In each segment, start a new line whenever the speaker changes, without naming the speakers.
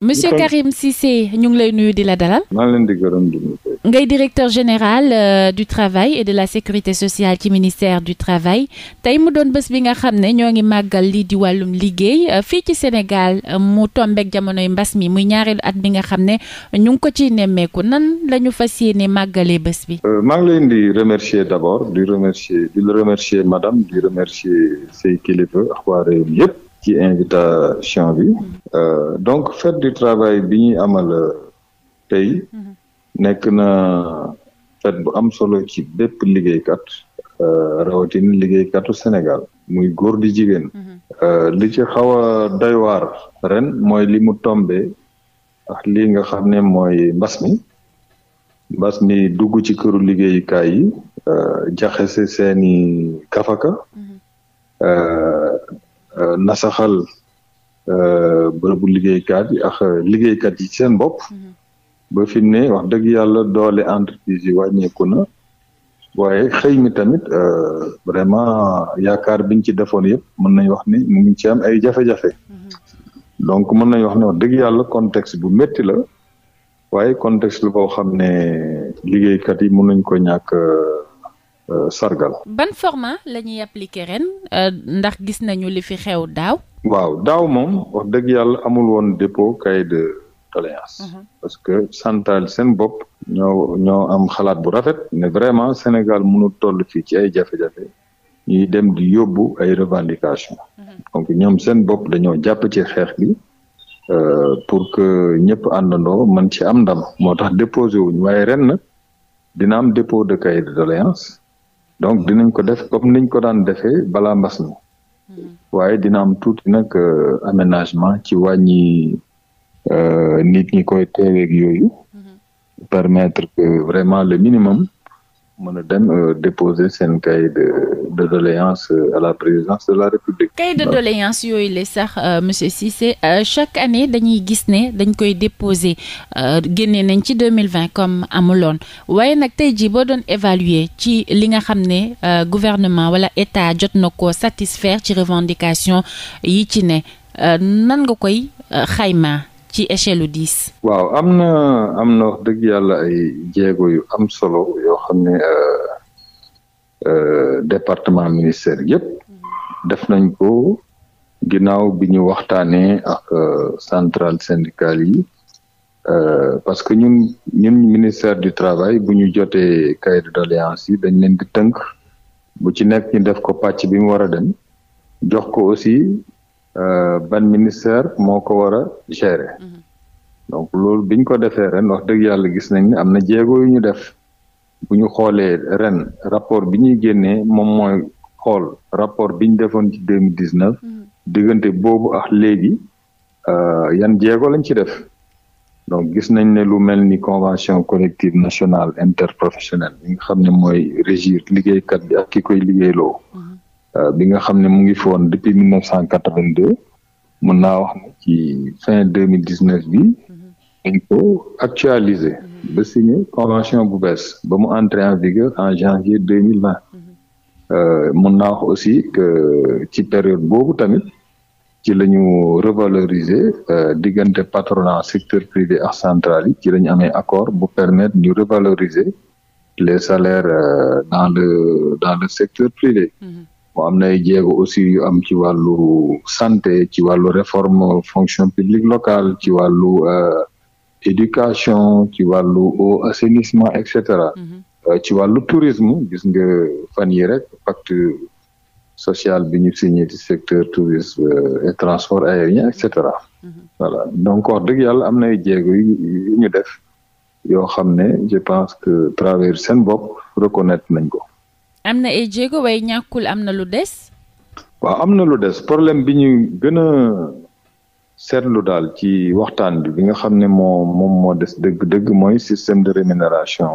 monsieur Karim Cissé ñu ngi lay nuyu di la dalal. maa ngay directeur général euh, du travail et de la sécurité sociale ci ministère du travail tey mu doon bés bi nga xam ne ñoo ngi màggal lii di wàllum liggéey euh, fii ci Sénégal euh, mu tombeek jamonoy mbas mi muy ñaareelu at bi nga xam ne ñu ngi ko ciy nemmeeku nan la ñu fas yéene màggalee bés bi.
Euh, maa leen di remercier d' abord di remercier madame di remercier say kilifa ak waa ci invitation bi euh, donc fête du travail bi ñuy amal euh, tey mhm. nekk na fête bu am solo ci bépp liggéeykat euh, rawatina liggéeykatu Sénégal muy góor di jigéen mhm. li ci xaw a doy waar ren mooy li mu tombe lii nga xam ne mooy mbas mi mbas mi dugg ci këru liggéeyukaay yi jaxase seeni kafaka mhm. Euh, nasaxal euh, bërëbu liggéeykat yi ak euh, liggéeykat yi seen bopp. Mhm. ba fi ne wax dëgg yàlla doole entreprise yi wàññeeku na waaye xëy mi tamit vraiment yaakaar biñ ci defoon yëpp mën nañ wax ni mu ngi ay jafe mhm. mën nañ wax ne dëgg yàlla contexte bu métti la waaye contexte la boo xam ne liggéeykat yi mën nañ ko ñàkk. Euh, sargal.
ban format la ñuy appliquer ren euh, ndax gis nañu li fi xew daaw.
waaw daaw moom wax dëgg yàlla amul woon dépôt cahier de doléance. Mhm. parce que santal seen bopp. ñoo ñoo am xalaat bu rafet. ne vraiment Sénégal mënu toll fii ci ay jafe-jafe. ñuy dem di yóbbu ay revendications. Mhm. donc ñoom seen bopp dañoo jàpp ci xeex bi. Euh, pour que ñëpp àndandoo mën ci am ndam moo tax déposé wuñ waaye ren nag dina am dépôt de cahier de doléance donc dinañ ko def comme niñ ko daan defee balaa mbas mi hmm. waaye dina am tuuti nag euh, aménagement ci wàññi euh, nit ñi koy teeweeg yooyu hmm. permettre que vraiment le minimum mën a dem euh, déposer seen cahier de doléance euh, à la présidence de la République.
cahier de doléance yooyu la sax euh, monsieur Cissé chaque année dañuy gis ne dañ koy déposer génne nañ ci deux mille vingt comme amuloon waaye nag tey jii boo doon évaluer ci li nga xam ne gouvernement wala état jot na ko satisfaire ci revendication yi ci ne nan nga koy xayma. ci échelle lu dix.
waaw am na am na wax dëgg yàlla ay jéego yu am solo yoo xam ne euh, euh, département ministère yëpp def nañ ko ginnaaw bi ñu waxtaanee ak euh, centrale syndicale yi. Euh, parce que ñun ñun ministère du travail bu ñu jotee cahier de doléances yi dañ leen di tënk bu ci nekk ñu def ko pàcc bi mu war a dem jox ko aussi Euh, ban ministère moo ko war a gérer mhm. donc loolu biñ ko defee ren wax dëgg yàlla gis nañ ne am na jéego yu ñu def bu ñu xoolee ren rapport bi ñuy génnee moom mooy xool rapport bi ñu defoon ci deux mille dix neuf mhm. diggante boobu ak léegi euh, yan jéego lañ ci def donc gis nañ ne lu mel ni convention collective nationale interprofessionnelle bi nga xam mooy régir liggéeykat bi ak ki koy liggéeyloo. Mhm. Euh, bi nga xam ne mu ngi fi woon depuis mille neuf cent quatre vingt deux mën naa wax ne ci fin deux mille dix neuf bi mhm. dañ actualiser mhm. ba signé convention bu bees ba mu entrer en vigueur en janvier deux mille vingt mhm. euh, mën naa wax aussi que ci période boobu tamit ci la ñu revaloriser euh, diggante patronat secteur privé ak central ci la ñu amee accord bu permettre ñu revaloriser les salaires dans le dans secteur privé. mu am nay jéego aussi yu am ci wàllu santé ci wàllu réforme fonction publique locale ci wàllu euh, éducation ci wàllu eau assainissement et cetera mm-hmm. euh, ci wàllu tourisme gis nga fan yi rek pacte social biñu ñu signé ci secteur tourisme euh, et transport aérien et cetera mm-hmm. donc wax dëgg yàlla am nay jéego yu ñu def yoo xam ne je pense que travers seen bopp nañ ko
am na ay jéego waaye ñàkkul am na lu des.
waaw am na lu des problème bi ñu gën a seetlu daal ci waxtaan bi bi nga xam ne moo moom moo des dëgg-dëgg mooy système de rémunération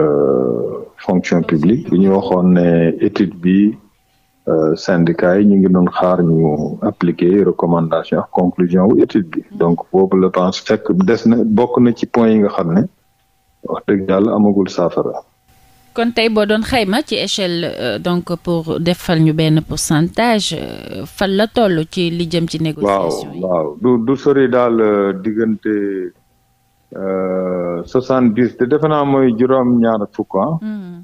euh, fonction publique bi ñu waxoon ne étude bi euh, syndicat yi ñu ngi doon xaar ñu appliquer recommandation ak conclusion wu étude bi donc boobu la pense fekk des na bokk na ci point yi nga xam ne wax dëgg yàlla amagul saafara.
kon tey boo doon xayma ci échelle euh, donc pour defal ñu benn pourcentage euh, fan la toll ci li jëm ci négociation
waaw waaw du sori daal euh, diggante soixante dix te defe mooy juróom-ñaar fukk ah hmm.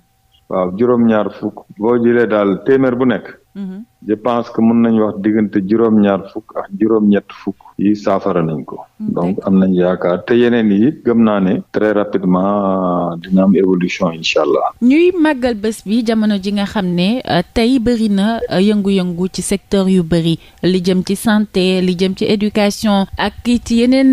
waaw juróom-ñaar fukk boo jëlee daal téeméer bu nekk Mm-hmm. je pense que mën nañu wax diggante juróom-ñaar fukk ak juróom-ñett fukk yi saafara nañ ko. Mm, donc am nañu yaakaar te yeneen yi gëm naa ne. très rapidement euh, dina am évolution incha allah.
ñuy màggal bés bi jamono ji nga xam ne euh, tey bëri na euh, yëngu-yëngu ci secteur yu bëri li jëm ci santé li jëm ci éducation ak ci yeneen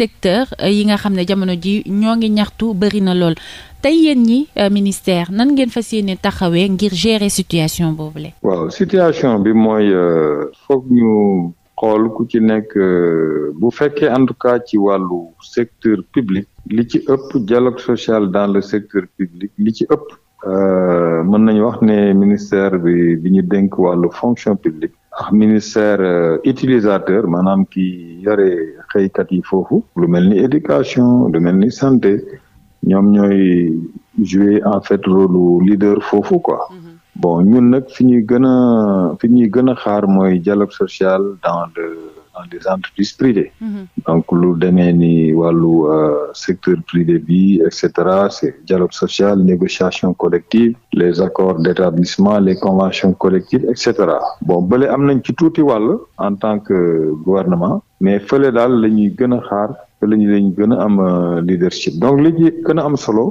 secteur yi nga xam ne jamono ji ñoo ngi ñaxtu bëri na lool. tey yéen ñi ministère nan ngeen fa yéene taxawee ngir gérer situation boobule.
situation bi mooy euh, foog ñu xool ku ci nekk euh, bu fekkee en tout cas ci wàllu secteur public li ci ëpp dialogue sociale dans le secteur public li ci ëpp euh, mën nañu wax ne ministère bi bi ñu dénk wàllu fonction publique ak ministère utilisateur maanaam ki yore xëykat yi foofu lu mel ni éducation lu mel ni santé ñoom ñooy jouer en fait rôle leader foofu quoi mm-hmm. bon ñun nag fi ñuy gën a fi ñuy gën a xaar mooy dialogue social dans le dans entreprises privées mhm. donc lu demee ni wàllu euh, secteur privé bi et cetera c'est dialogue social négociation collective les accords d'établissement les conventions collectives et cetera bon bële am nañ ci tuuti wàll en tant que gouvernement mais fële daal la ñuy gën a xaar fële ñu lañu gën a am euh, leadership donc li ci gën a am solo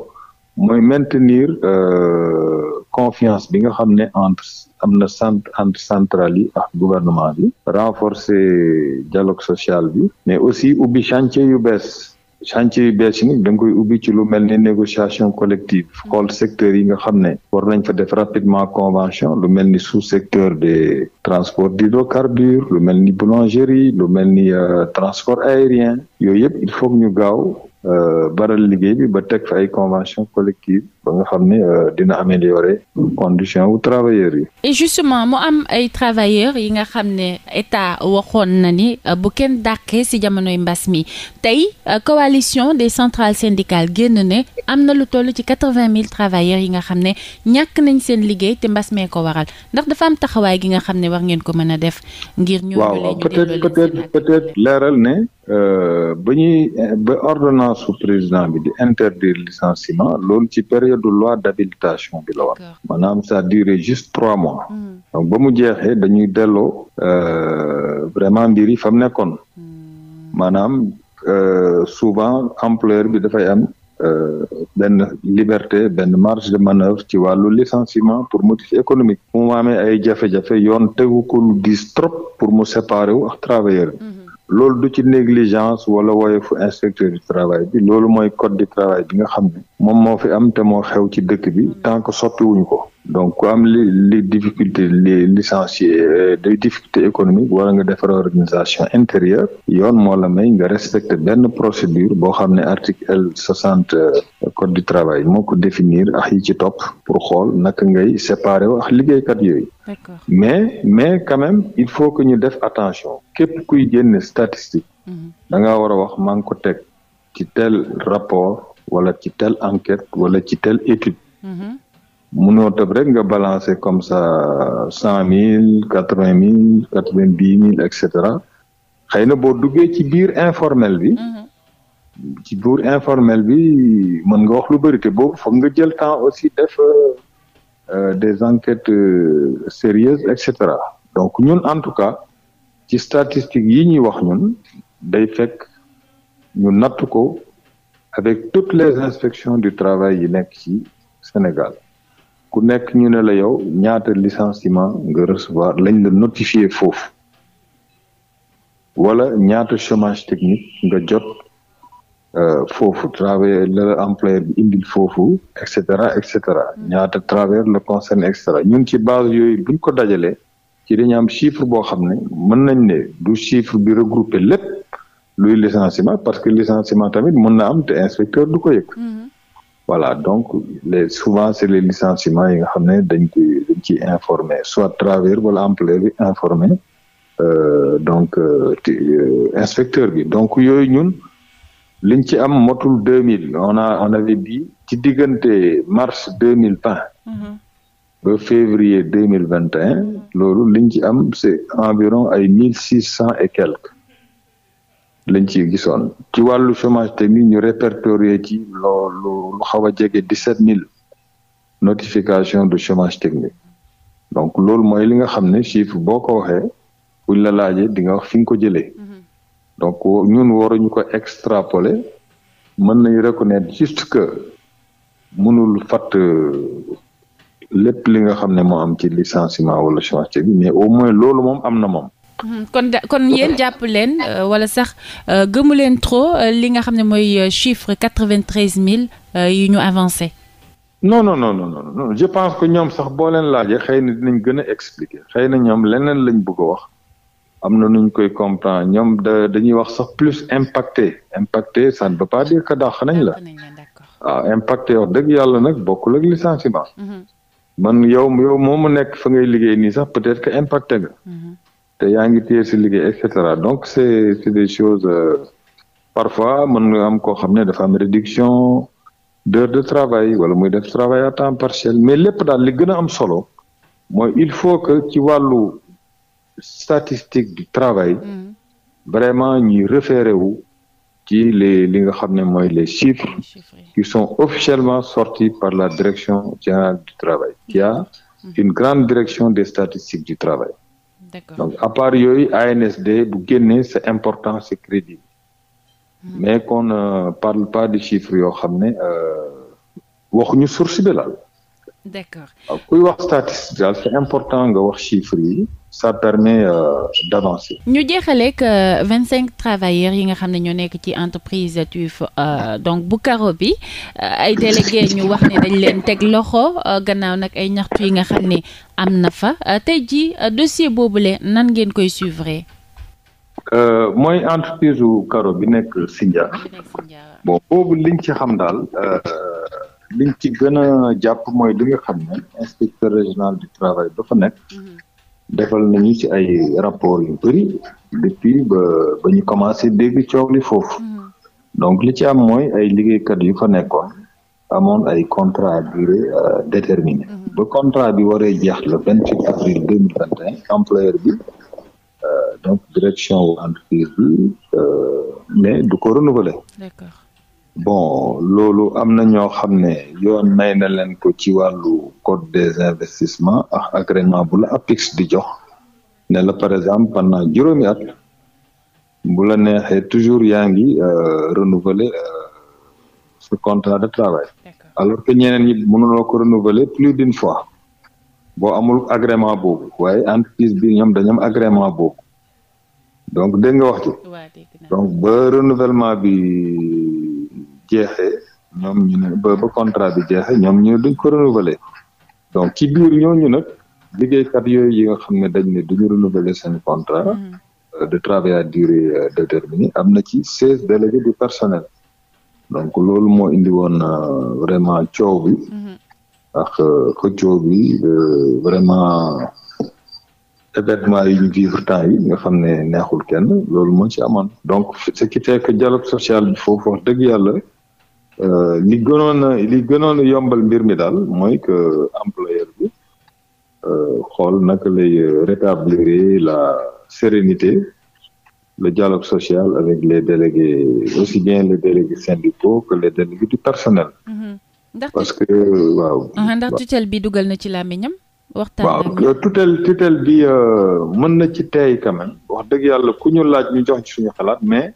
mooy maintenir euh, confiance bi nga xam ne entre am na centre entre centrale yi a gouvernement bi renforcer dialogue social bi mais aussi ubbi chantier yu bees chantier yu bees yi nag koy ubbi ci lu mel ni négociation collective xool secteur yi nga xam ne war nañ fa def rapidement convention lu mel ni sous secteur des transports d'hydrocarbures lu mel ni boulangerie lu mel ni euh, transport aérien yooyu yëpp il faut ñu gaaw euh, baral liggéey bi ba teg fa ay convention collective ba nga xam ne euh, dina améliorer condition wu travailleurs
yi. justement mu am ay travailleurs yi nga xam ne état waxoon na ni euh, bu kenn dàqee ci jamonoy mbas mi tey euh, coalition des centrales syndicales génn ne am na lu toll ci quatre-vingt mille travailleurs yi nga xam ne ñàkk nañ seen liggéey te mbas mee ko waral ndax dafa am taxawaay gi nga xam ne war ngeen ko mën a def. ngir ñu waaw peut-être peut-être
peut-être leeral ne. ba ñuy ba ordonnance su président bi di interdire licenciement période loi d'habilitation bi la war maanaam ça duré juste trois mois hmm. ba mu jeexee dañuy delloo euh, vraiment mbir yi fa mu nekkoon hmm. maanaam euh, souvent employeur bi dafay am euh, benn liberté benn marge de manœuvre ci wàllu licenciement pour motif économique mu maamee ay jafe-jafe yoon tegu ko lu diis trop pour mu séparer ak travailleur loolu du ci négligence wala woyofu inspecteur du travail bi loolu mooy code du travail bi nga xam ne moom moo fi am te moo xew ci dëkk bi tant que soppiwuñu ko donc ku am li li difficulté li licencié euh, des difficultés économiques wala nga defar organisation intérieure yoon moo la may nga respecter benn procédure boo xam ne article L soixante euh, code du travail moo ko définir ak yi ci topp pour xool naka ngay séparer wax liggéeykat yooyu. mais mais quand il faut que ñu def attention képp kuy génne statistique. Mhm. da ngaa war a wax maa ngi ko teg ci tel rapport wala ci tel enquête wala ci tel étude. Mhm. munoo tëb rek nga balancer comme ça cent mille quatre vingt mille quatre vingt dix mille et cetera xëy na boo duggee ci biir informel bi. Mhm. ci biir informel bi mën nga wax lu bëri te boobu foog nga jël temps aussi def euh, euh, des enquêtes euh, sérieuses et cetera donc ñun en tout cas ci statistiques yi ñuy wax ñun day fekk ñu natt ko avec toutes les inspections du travail yi nekk ci Sénégal. ku nekk ñu ne la yow ñaata licenciement nga recevoir lañ la notifié foofu wala ñaata chômage technique nga jot euh, foofu travail le employeur bi foofu et cetera et cetera ñaata travers le concerne et cetera ñun ci base yooyu buñ ko dajale ci dañu am chiffre boo xam ne mën nañ ne du chiffre bi regroupé lépp luy licenciement parce que licenciement tamit mën na am te inspecteur du ko yëg mm-hmm. voilà donc les souvent c'est les licenciements yi nga xam ne dañ ci dañ ciy informé soit travailleur wala employeur bi informé donc euh, euh, inspecteur bi donc yooyu ñun liñ ci am motul deux mille on a on avait dit ci diggante mars deux mille vingt mhm. ba février deux mille vingt et un loolu liñ ci am c'est environ ay mille six cent et quelques lañ ci gisoon ci wàllu chômage technique ñu répertorié ci loolu lu xaw a jege dix-sept mille notification de chômage technique donc loolu mooy li nga xam ne chiffre boo ko waxee buñ la laajee di nga wax fi nga ko jëlee mm-hmm. donc ñun waruñu ko extrapoler mën nañu reconnaître juste que mënul fatt euh, lépp li nga xam ne moo am ci licenciement wala chômage technique mais au moins loolu moom am na moom
kon da kon yéen jàpp leen euh, wala sax euh, gëmu leen trop euh, li nga xam ne mooy chiffre quatre-vingt-treize mille yu ñu avancé.
non non non non je pense que ñoom sax boo leen laajee xëy na dinañ gën a expliquer xëy na ñoom leneen lañ bëgg wax am na nuñ koy comprendre ñoom da dañuy wax sax plus impacté impacté ça ne veut pas dire que dàq nañ la ah, impacté wax dëgg yàlla nag bokkul ak licenciement mhm. man yow yow moomu nekk fa ngay liggéey nii sax peut-être que impacté nga. Mhm. yaa ngi téye si liggée et cetera donc c' est c' est euh, parfois mën nga am koo xam ne dafa am réduction d'heure de travail wala muy def travail à temps partiel mais lépp daal li gën am solo mooy il faut que ci wàllu statistique du travail mm. vraiment ñuy référé wu ci les li nga xam ne mooy les chiffres qui sont officiellement sortis par la direction générale du travail qui a mm. une grande direction des statistiques du travail d'accord donc à part yooyu ANSD bu génnee c'est important c'est crédible hmm. mais qu'on ne euh, parle pas de chiffres yoo xam ne euh, waxuñu source bi laal d'accord euh, kuy wax statistique c'est important nga wax chiffres yi ça permet euh,
ñu jeexaleeg euh, vingt cinq travailleurs yi nga xam ne ñoo nekk ci entreprise TUF euh, donc bu karo bi ay délégué ñu wax ne dañ leen teg loxo gannaaw nag ay ñaxtu yi nga xam ne am na fa te ji dossier boobule nan ngeen koy suivre.
mooy entreprise u karo bi nekk Sindia. bon boobu liñ ci xam daal. liñ ci gën a jàpp mooy li xam ne inspecteur régional du travail ba fa nekk mhm. defal nañu ci ay rapport yu bëri depuis ba ba ñu commencé dégg coow li foofu mhm. donc li ci am mooy ay liggéeykat yu fa nekkoon amoon ay contrat durée euh, déterminée mhm. ba contrat bi waree jeex le vingt huit bi euh, donc direction entreprise bi euh, mais du ko renouveler bon loolu am na ñoo xam ne yoon may na leen ko ci wàllu code des investissements ak ah, agrément bu la APIX di jox ne la par exemple pendant juróomi at bu la neexee toujours yaa ngi euh, renouveler euh, ce contrat de travail alors que ñeneen ñi mënuloo ko renouveler plus d'une fois boo amul agrément boobu waaye entreprise bi ñoom dañu am agrément boobu donc dégg nga wax ci donc ba renouvellement bi jeexee ñoom ñu ba contrat bi jeexee ñoom ñu duñ ko renouveler donc ci biir ñooñu nag liggéeykat yooyu yi nga xam ne dañ ne duñu renouveler seen contrat mm-hmm. euh, de travail à durée euh, déterminée am na ci seize délégués du personnel donc loolu moo indi woon euh, vraiment coow ax mm-hmm. ak xëccoo bi vraiment événement yi ñu vivre temps yi nga xam ne neexul kenn loolu moo ci amoon donc ce qui fait que dialogue social bi foofu wax yàlla Euh, li gënoon a li gënoon yombal mbir mi daal mooy que employeur bi euh, xool naka lay rétablir la sérénité le dialogue social avec les délégués aussi bien les délégués syndicaux que les délégués du personnel. Mhm. parce que waaw.
ndax tutelle bi dugal na ci làmmiñam waxtaan waaw
euh, tutelle tutelle bi mën na ci teey quand wax dëgg yàlla ku ñu laaj ñu jox ci suñu xalaat mais.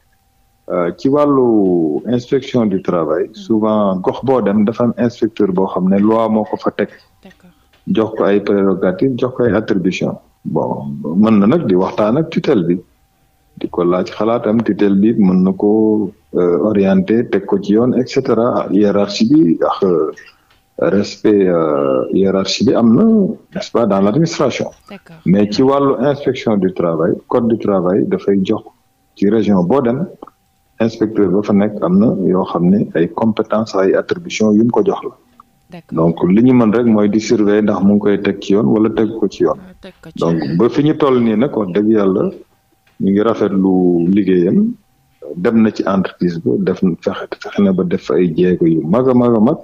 Euh, ci wàllu inspection du travail mm-hmm. souvent gox boo dem dafa am inspecteur boo xam ne loi moo ko fa teg jox ko ay prérogative jox ko ay attribution bon mën na nag di waxtaan ak tutelle bi di ko laaj xalaatam tutelle bi mën na ko euh, orienté teg ko ci yoon et cetera hiérarchie bi ak euh, respect bi am na n'est-ce pas dans l'administration mais ci wàllu inspection du travail code du travail dafay jox ci région boo dem inspecteur ba fa nekk am na yoo xam ne ay compétence ay attribution yu ko jox la. donc li ñu mën rek mooy di surveiller ndax mu ngi koy teg ci yoon wala ah, teg ko ci yoon. donc ba fi ñu toll nii nag wax dëgg yàlla ñu ngi rafetlu liggéeyam dem na ci entreprise bo def na fexe na ba def ay jéego yu mag a mag a mag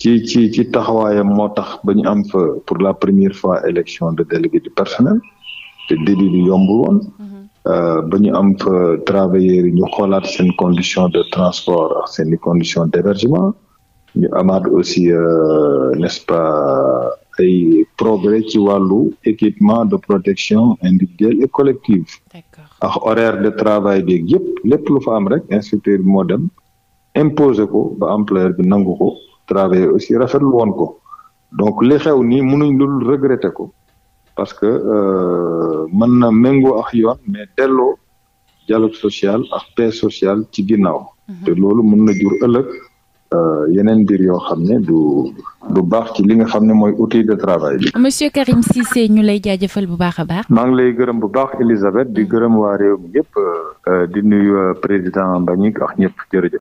ci ci ci taxawaayam moo tax ba am fa pour la première fois élection de délégué du personnel te délit bi yombul woon. Mm-hmm. Euh, ba am fa travailleurs ñu xoolaat seen condition de transport ak seen i condition d'hébergement ñu amaat aussi euh, n'est-ce pas ay ci wàllu équipement de protection individuelle et collective ak horaire de travail beeg yëpp lépp lu fa am rek inspecteur bi moo dem imposer ko ba employeur bi nangu ko travailleur aussi rafetlu woon ko donc li xew nii mënuñ lul regretter ko parce que euh, mën na méngoo ak yoon mais delloo dialogue social ak paix sociale ci ginnaaw mhm. loolu mën na jur ëllëg euh, yeneen mbir yoo xam ne du du baax ci li nga xam ne mooy outil de travail bi.
monsieur Karim Cissé ñu lay jaajëfal bu baax a baax.
maa ngi lay gërëm bu baax Elisabeth di mhm. gërëm waa réew mi yëpp euh, di euh, président Mbagnick ak ñëpp jërëjëf.